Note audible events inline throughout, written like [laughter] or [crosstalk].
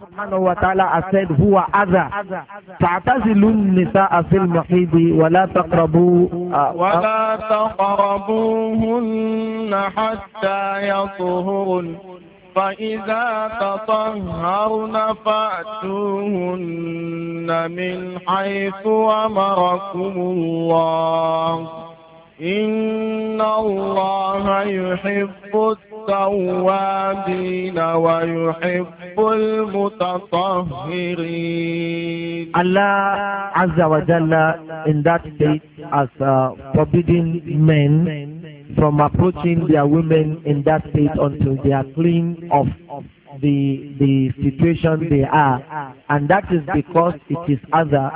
سبحانه وتعالى أسد هو أذى said, فَاعْتَزِلُوا النِّسَاءَ فِي الْمَحِيضِ وَلَا تَقْرَبُوا آه، وَلَا تَقْرَبُوهُنَّ حَتَّى يَطْهُرْنَ فَإِذَا تَطَهَّرْنَ فَأْتُوهُنَّ مِنْ حَيْثُ أَمَرَكُمُ اللَّهُ إن الله يحب التوابين ويحب المتطهرين Allah Azza wa Jalla in that state as uh, forbidding men from approaching their women in that state until they are clean of the the situation they are, and that is because it is other.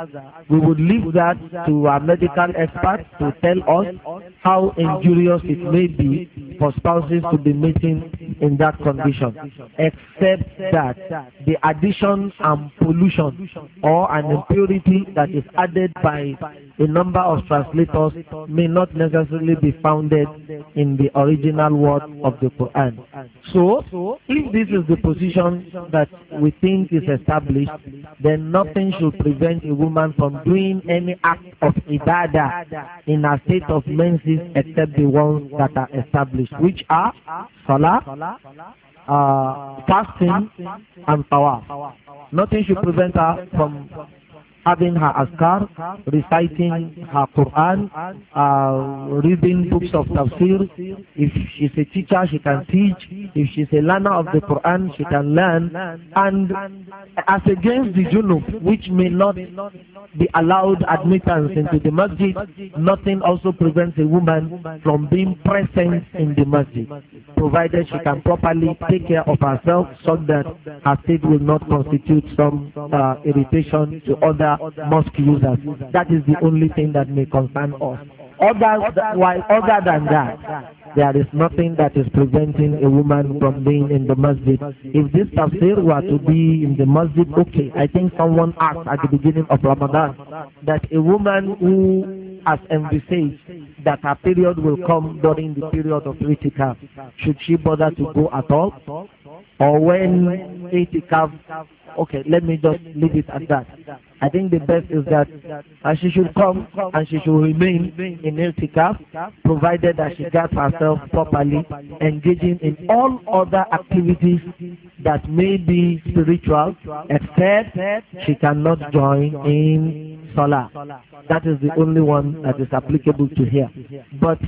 We would leave that to our medical experts to tell us how injurious it may be for spouses to be meeting in that condition, except that the addition and pollution or an impurity that is added by a number of translators may not necessarily be founded in the original word of the Quran. So, if this is the position that we think is established, then nothing should prevent a woman from doing any act of ibadah in a state of menses except the ones that are established, which are salah, uh, fasting, and power. Nothing should prevent her from having her askar, reciting her Quran, uh, reading books of tafsir. If she's a teacher, she can teach. If she's a learner of the Quran, she can learn. And as against the junub, which may not be allowed admittance into the masjid, nothing also prevents a woman from being present in the masjid, provided she can properly take care of herself so that her state will not constitute some uh, irritation to other mosque users. That is the only thing that may concern us. Other, why, other than that, there is nothing that is preventing a woman from being in the masjid. If this tafsir were to be in the masjid, okay. I think someone asked at the beginning of Ramadan that a woman who has envisaged that her period will come during the period of itikaf, should she bother to go at all? or when itikaf. Okay, let me just leave it at that. I think the best is that uh, she should come and she should remain in itikaf, provided that she guards herself properly, engaging in all other activities that may be spiritual, except she cannot join in salah. That is the only one that is applicable to her. But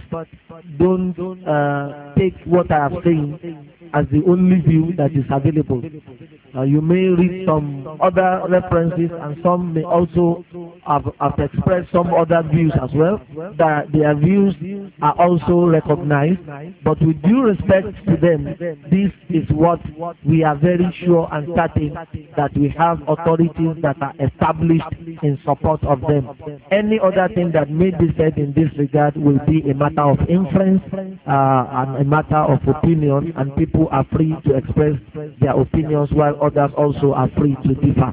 don't uh, take what I have said as the only view that is available. Uh, you may read some other references and some may also have, have expressed some other views as well, that their views are also recognized, but with due respect to them, this is what we are very sure and certain that we have authorities that are established in support of them. Any other thing that may be said in this regard will be a matter of inference uh, and a matter of opinion, and people are free to express their opinions while others also are free to differ.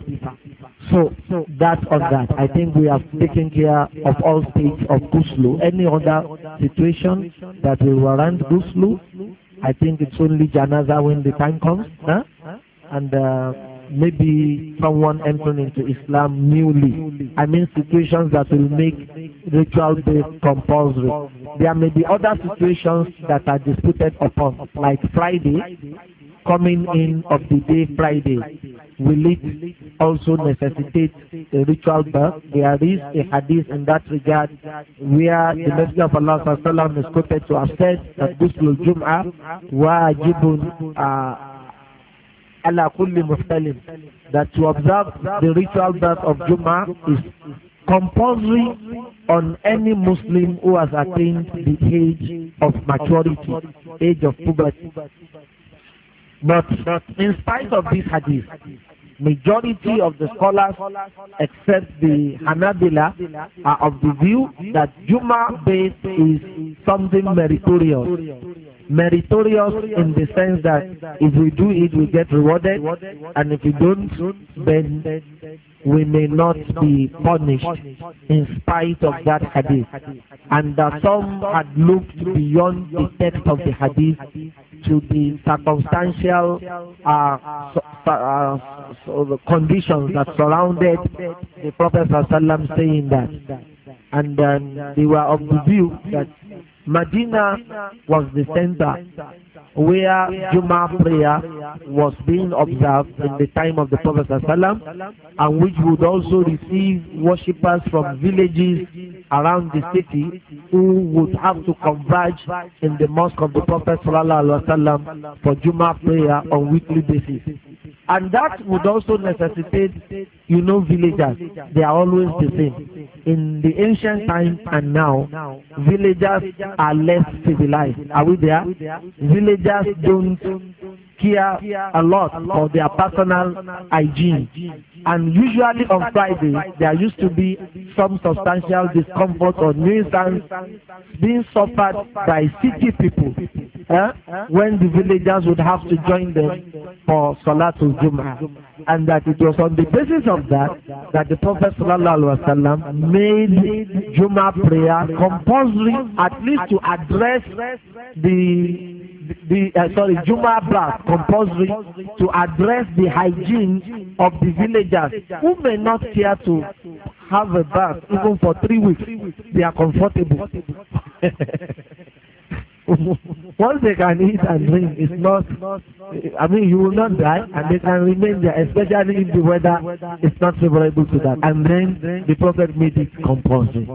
So, so that on that, I think we have taken care of all stages of Guslu. Any other situation that will warrant Guslu, I think it's only Janaza when the time comes. Huh? And uh, maybe someone entering into Islam newly. I mean situations that will make ritual based compulsory. There may be other situations that are disputed upon, like Friday, coming in of the day Friday will it also necessitate a ritual birth? There is a hadith in that regard where the Messenger of Allah sallam, is quoted to have said that Ghusl Jum'ah wajibun uh, ala kulli muhtalim that to observe the ritual birth of Jum'ah is compulsory on any Muslim who has attained the age of maturity, age of puberty. But in spite of this hadith, majority of the scholars except the Hanabila are of the view that Juma base is something meritorious. Meritorious in the sense that if we do it, we get rewarded, and if we don't, then we may not be punished in spite of that hadith. And that some had looked beyond the text of the hadith to the circumstantial uh, uh, so conditions that surrounded the Prophet ﷺ saying that. And then they were of the view that Medina was the center where Juma prayer was being observed in the time of the Prophet ﷺ and which would also receive worshippers from villages around the city who would have to converge in the mosque of the Prophet ﷺ for Juma prayer on weekly basis. And that would also necessitate, you know, villagers. They are always the same. In the ancient time and now, villagers are less civilized. Are we there? Villagers don't care a lot for their personal hygiene. And usually on Friday, there used to be some substantial discomfort or nuisance being suffered by city people eh? when the villagers would have to join them for Salatul Juma, And that it was on the basis of that that the Prophet ﷺ made Juma prayer compulsory at least to address the the uh, sorry Juma blast compulsory to address the hygiene of the villagers who may not care to have a bath even for three weeks. They are comfortable. [laughs] Once they can eat and drink, it's not, I mean, you will not die and they can remain there, especially if the weather is not favorable to that. And then the prophet made it compulsory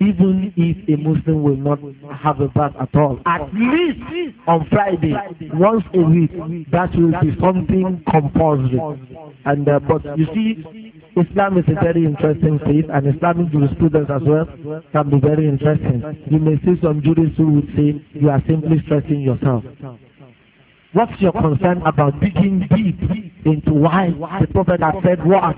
even if a Muslim will not have a bath at all, at least on Friday, once a week, that will be something compulsory. And uh, but you see, Islam is a very interesting faith, and Islamic jurisprudence as well can be very interesting. You may see some jurists who would say you are simply stressing yourself. What's your concern about digging deep into why the prophet has said what.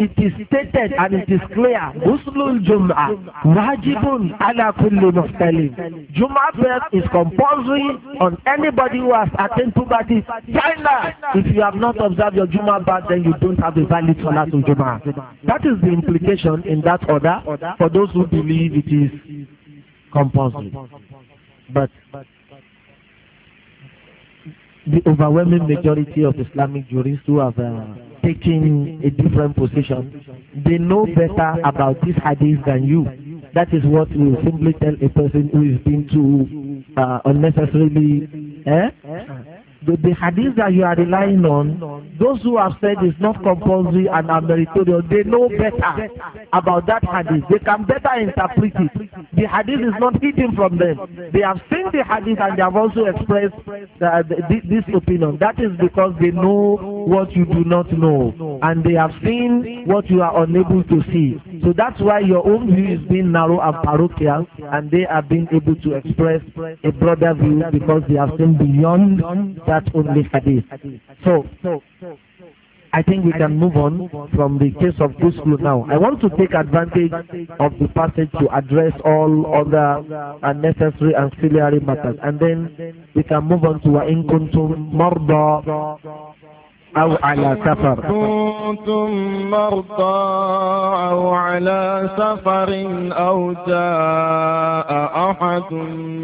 It is stated and it is clear. Uslul Juma, wajibun ala kulli muftalim. Juma prayer is compulsory on anybody who has attained puberty. China! If you have not observed your Juma, bath, then you don't have a valid Salatul Juma. That is the implication in that order for those who believe it is compulsory. But the overwhelming majority of Islamic jurists who have uh, taken a different position, they know better about this hadith than you. That is what we simply tell a person who is being too uh, unnecessarily eh, that the hadith that you are relying on, those who have said it's not compulsory and are meritorious, they know better about that hadith. They can better interpret it. The hadith is not hidden from them. They have seen the hadith and they have also expressed uh, th this opinion. That is because they know what you do not know, and they have seen what you are unable to see. So that's why your own view is being narrow and parochial, and they have been able to express a broader view because they have seen beyond that only hadith. So, I think we can move on from the case of this school now. I want to take advantage of the passage to address all other unnecessary ancillary matters, and then we can move on to وَإِن كُنْتُمْ مَرْضَى أو على سفر كنتم مرضى أو على سفر أو جاء أحد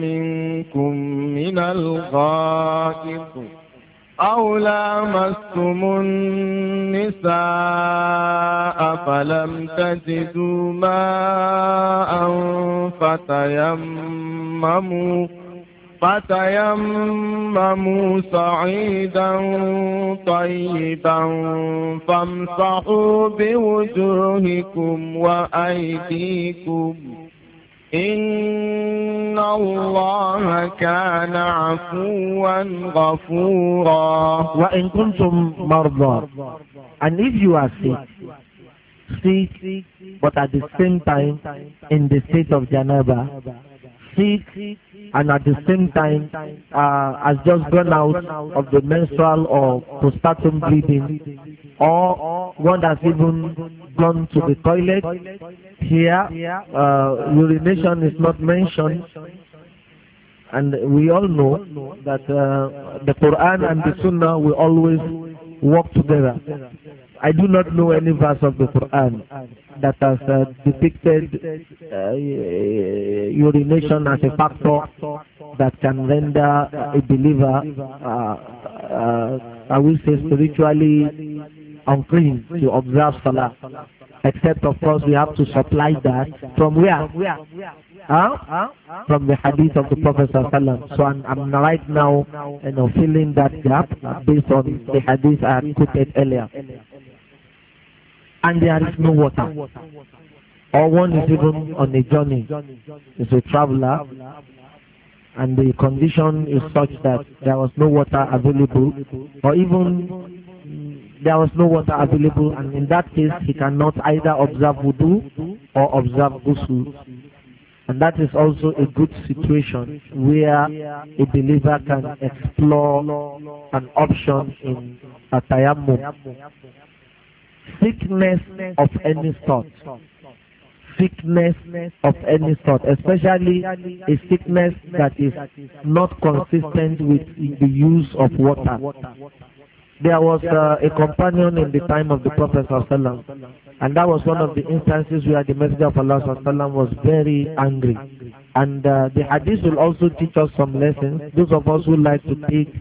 منكم من الغائط أو لامستم النساء فلم تجدوا ماء فتيمموا فتيمموا صعيدا طيبا فامسحوا بوجوهكم وأيديكم إن الله كان عفوا غفورا وإن كنتم مرضى and if you are sick sick but at the same time in the state of Janaba sick and at the same time uh, has just gone out of the menstrual or postpartum bleeding or one that's even gone to the toilet. Here, uh, urination is not mentioned. And we all know that uh, the Quran and the Sunnah will always work together. I do not know any verse of the Quran that has uh, depicted uh, urination as a factor that can render a believer, uh, uh, I will say, spiritually unclean to observe Salah. Except, of course, we have to supply that from where? Huh? From the hadith of the Prophet So I'm, I'm, right now you know, filling that gap based on the hadith I quoted earlier. and there is no water. Or one is even on a journey, is a traveler, and the condition is such that there was no water available, or even there was no water available, and in that case, he cannot either observe wudu or observe ghusl. And that is also a good situation where a believer can explore an option in a tayammum sickness of any sort. Sickness of any sort, especially a sickness that is not consistent with the use of water. There was uh, a companion in the time of the Prophet ﷺ, and that was one of the instances where the Messenger of Allah ﷺ was very angry. And uh, the hadith will also teach us some lessons, those of us who like to take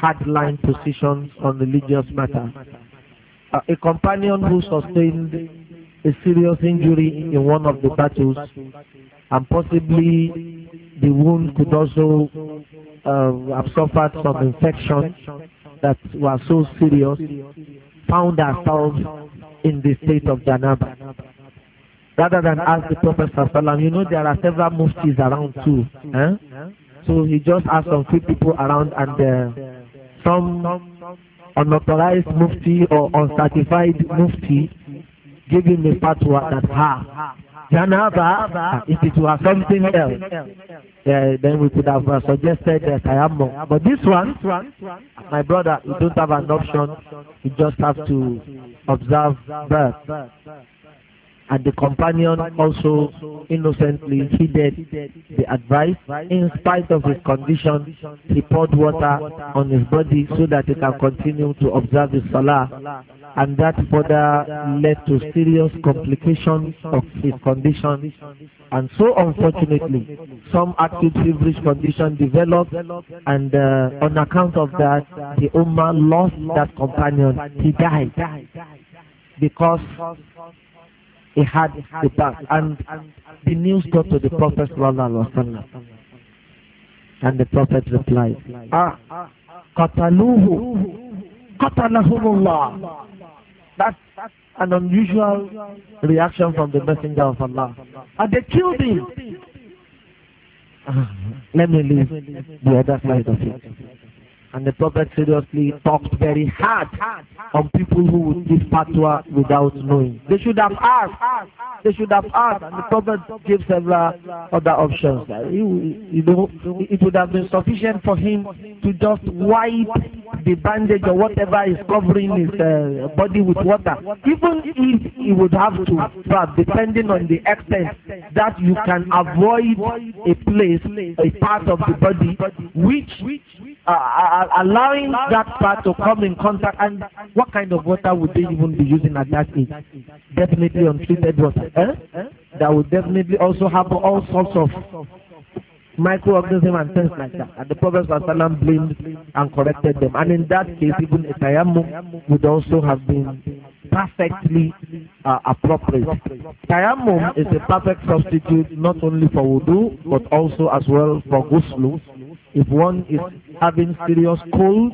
hardline positions on religious matters a companion who sustained a serious injury in one of the battles and possibly the wound could also uh, have suffered some infection that was so serious found ourselves in the state of Janaba. Rather than ask the Prophet Sallallahu you know there are several muftis around too. Eh? So he just asked some few people around and uh, some unauthorized mufti or uncertified mufti giving a fatwa that ha janaba if it were something else yeah, then we could have uh, suggested uh, tayammum but this one my brother you don't have an option you just have to observe birth and the companion also innocently heeded the advice. In spite of his condition, he poured water on his body so that he can continue to observe the salah, and that further led to serious complications of his condition. And so, unfortunately, some acute feverish condition developed, and uh, on account of that, the Ummah lost that companion. He died because he had the bath and the news got to the Prophet and the Prophet replied, Ah, Qataluhu, Qatalahumullah. That's an unusual reaction from the Messenger of Allah. And they killed him. Ah, let me leave the other side of it. And the Prophet seriously talked very hard on people who would give fatwa without knowing. They should have asked. They should have asked. And the Prophet gave several other options. You know, it would have been sufficient for him to just wipe the bandage or whatever is covering his uh, body with water. Even if he would have to, but depending on the extent that you can avoid a place, a part of the body which uh, are allowing that part to come in contact and what kind of water would they even be using at that age? Definitely untreated water. Eh? That would definitely also have all sorts of microorganisms and things like that. And the Prophet ﷺ blamed and corrected them. And in that case, even a tayammum would also have been perfectly uh, appropriate. Tayammum is a perfect substitute not only for wudu, but also as well for ghusl. If one is having serious cold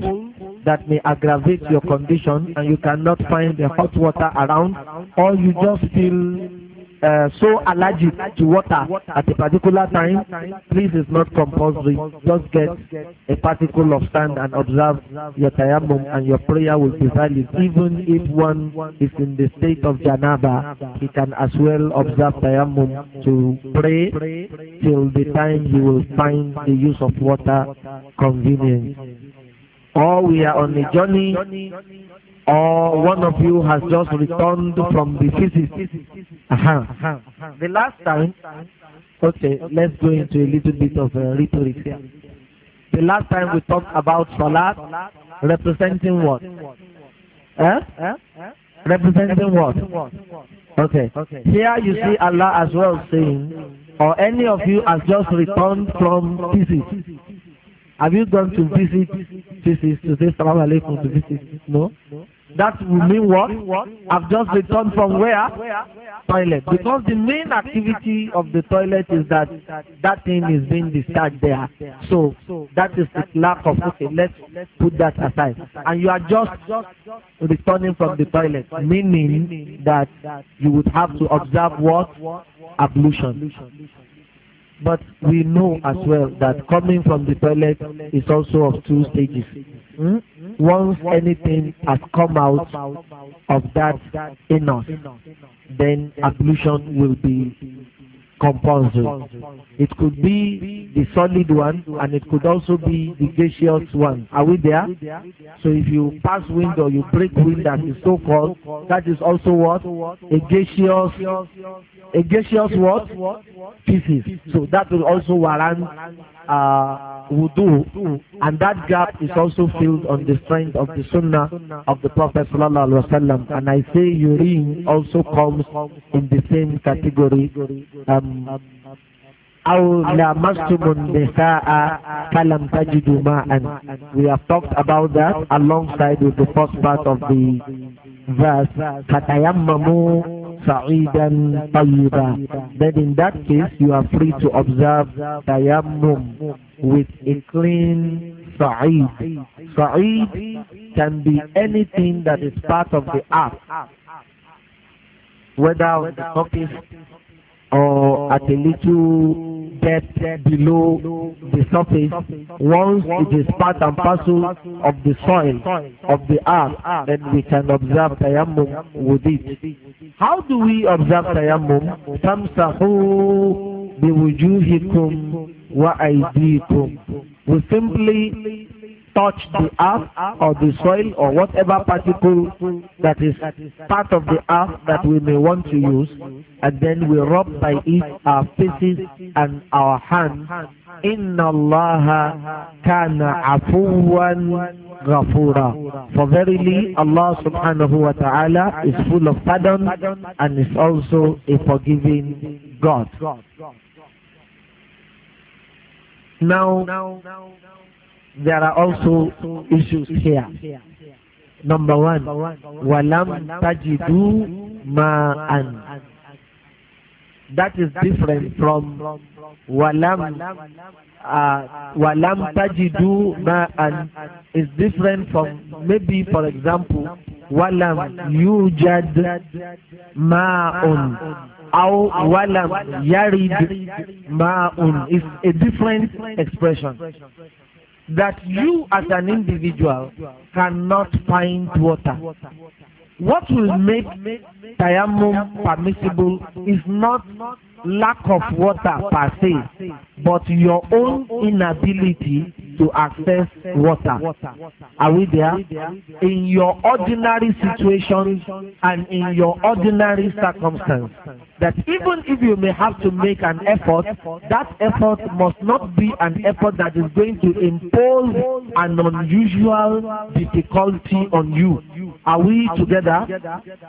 that may aggravate your condition and you cannot find the hot water around or you just feel uh, so allergic to water at a particular time, please is not compulsory. Just get a particle of sand and observe your tayammum and your prayer will be valid. Even if one is in the state of janaba, he can as well observe tayammum to pray till the time he will find the use of water convenient. Or we are on a journey or one of you has just returned from the visit. Uh-huh. The last time, okay, let's go into a little bit of uh, rhetoric here. The last time we talked about salat representing what? Eh? Representing what? Okay. Here you see Allah as well saying, or any of you has just returned from visit. Have you gone to visit Physics today? Salam alaikum to visit. No? That will mean what? I've just returned from where? Toilet. Because the main activity of the toilet is that that thing is being discharged there. So that is the lack of, okay, let's put that aside. And you are just returning from the toilet, meaning that you would have to observe what? Ablution. But we know as well that coming from the toilet is also of two stages. Hmm? Once anything has come out of that in us, then ablution will be compounds. It could be the solid one and it could also be the gaseous one. Are we there? So if you pass wind or you break wind that is so called, that is also what? A gaseous, a gaseous what? Pieces. So that will also warrant uh, wudu and that gap is also filled on the strength of the sunnah of the Prophet sallallahu And I say urine also comes in the same category. Um, أو النساء فلم تجدوا ماء We have talked about that alongside with the first part of the verse فتيمموا sa'idan tayyiba. Then in that case, you are free to observe tayammum with a clean sa'id. Sa'id can be anything that is part of the earth. Whether the surface or at a little depth below the surface once it is part and parcel of the soil of the earth then we can observe tayammum with it. How do we observe tayammum? Tamsahu biwujuhikum wa aydikum. We simply touch the earth or the soil or whatever particle that is part of the earth that we may want to use, and then we rub by it our faces and our hands. Inna Allah kana afuwan ghafura. For verily Allah subhanahu wa ta'ala is full of pardon and is also a forgiving God. Now, there are also issues here. Number one, walam tajidu ma'an. That is different from walam uh, walam tajidu ma'an. Is different from maybe, for example, walam yujad ma'un. Aw walam yarid ma'un. It's a different expression. that you as an individual cannot find water. What will make tayammum permissible is not lack of water per se, but your own inability to access water. Are we there? In your ordinary situation and in your ordinary circumstance, that even if you may have to make an effort, that effort must not be an effort that is going to impose an unusual difficulty on you. Are we together?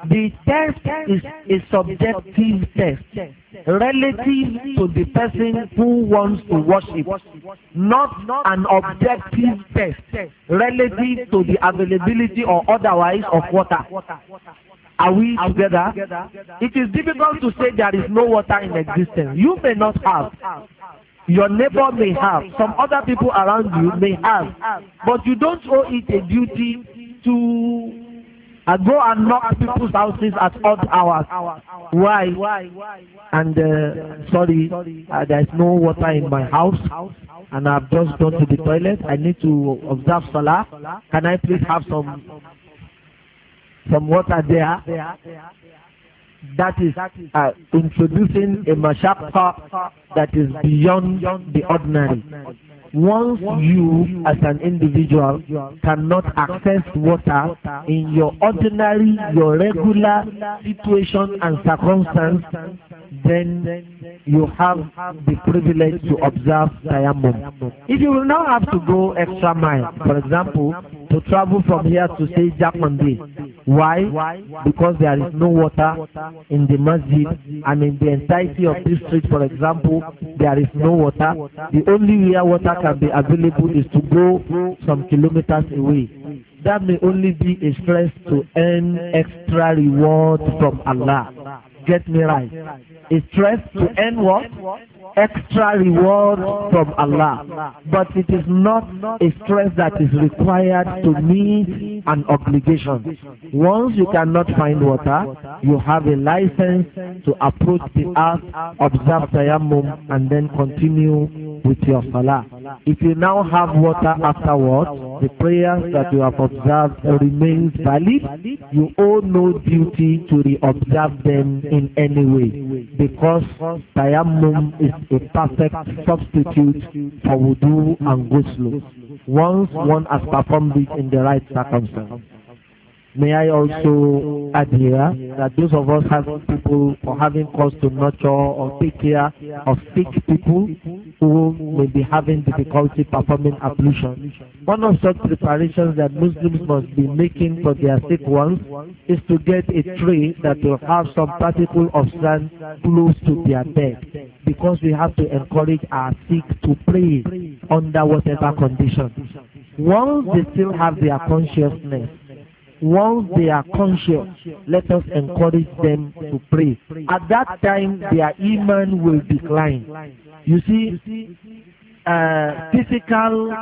The test is a subjective test relative to the person who wants to worship, not an objective test relative to the availability or otherwise of water. Are we together? It is difficult to say there is no water in existence. You may not have. Your neighbor may have. Some other people around you may have. But you don't owe it a duty to I go and knock people's houses at odd hours. Why? And uh, sorry, uh, there is no water in my house, and I've just gone to the toilet. I need to observe Salah. Can I please have some some water there? That is uh, introducing a mashaqqa that is beyond the ordinary once you as an individual cannot access water in your ordinary, your regular situation and circumstance, then you have the privilege to observe tayammum. If you will now have to go extra mile, for example, to travel from here to say Japandi, Why? Because there is no water in the masjid. and in the entirety of this street, for example, there is no water. The only where water can be available is to go some kilometers away. That may only be a stress to earn extra reward from Allah. Get me right. A stress to earn what? extra reward from Allah, but it is not a stress that is required to meet an obligation. Once you cannot find water, you have a license to approach the earth, observe tayammum, and then continue with your salah. If you now have water afterwards, the prayers that you have observed remains valid, you owe no duty to re-observe them in any way because tayammum is a perfect substitute for wudu and ghusl once one has performed it in the right circumstance. May I also add here that those of us having people or having cause to nurture or take care of sick people who may be having difficulty performing ablution. One of such preparations that Muslims must be making for their sick ones is to get a tray that will have some particle of sand close to their bed because we have to encourage our sick to pray under whatever condition. Once they still have their consciousness, Once they are conscious, let us encourage them to pray. At that time, their iman will decline. You see, uh, physical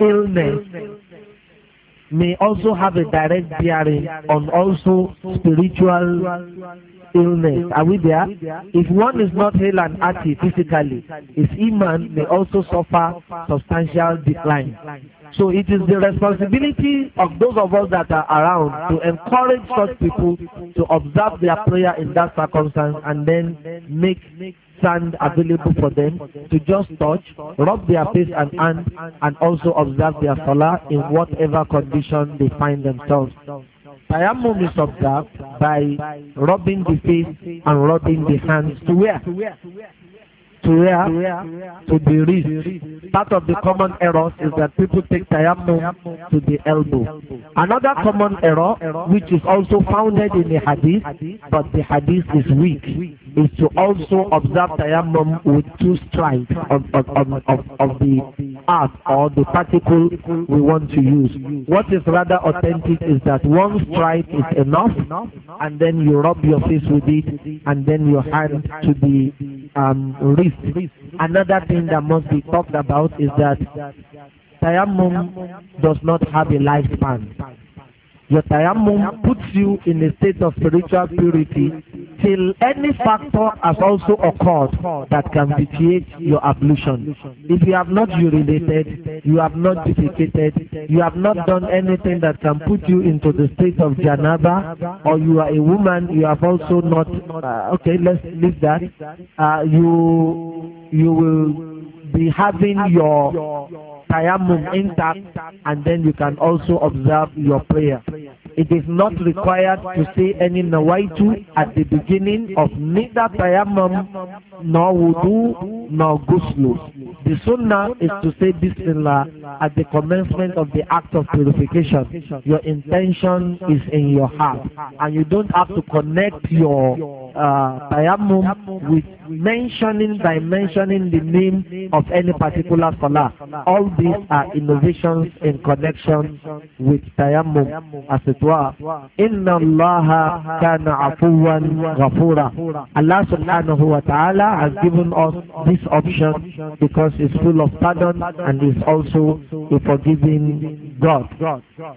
illness may also have a direct bearing on also spiritual illness. Are we there? If one is not hale and active physically, his iman may also suffer substantial decline. So it is the responsibility of those of us that are around to encourage such people to observe their prayer in that circumstance and then make sand available for them to just touch, rub their face and hand, and also observe their salah in whatever condition they find themselves. Tayammum is observed by rubbing the face and rubbing the hands to where? to where to the wrist. Part of the common errors is that people take tayammum to the elbow. Another common error, which is also founded in the hadith, but the hadith is weak, is to also observe tayammum with two strikes of, of, of, of, of the art or the particle we want to use. What is rather authentic is that one strike is enough, and then you rub your face with it, and then your hand to the um, risk. Another thing that must be talked about is that tayammum does not have a lifespan. Your tayammum puts you in a state of spiritual purity till any factor has also occurred that can vitiate your ablution. If you have not urinated, you have not defecated, you have not done anything that can put you into the state of janaba, or you are a woman, you have also not. Uh, okay, let's leave that. Uh, you you will be having your tayammum intact, and then you can also observe your prayer it is not required to say any nawaitu at the beginning of neither tayammum nor wudu nor ghusl. The sunnah is to say bismillah at the commencement of the act of purification, your intention is in your heart. And you don't have to connect your uh, tayammum with mentioning by mentioning the name of any particular salah. All these are innovations in connection with tayammum as it were. Inna Allah kana afuwan ghafura. Allah subhanahu wa ta'ala has given us this option because it's full of pardon and is also To forgiving God.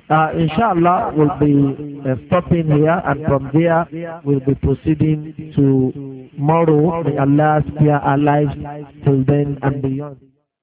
Uh, inshallah, we'll be uh, stopping here and from there we'll be proceeding to tomorrow. May Allah spare our lives till then and beyond.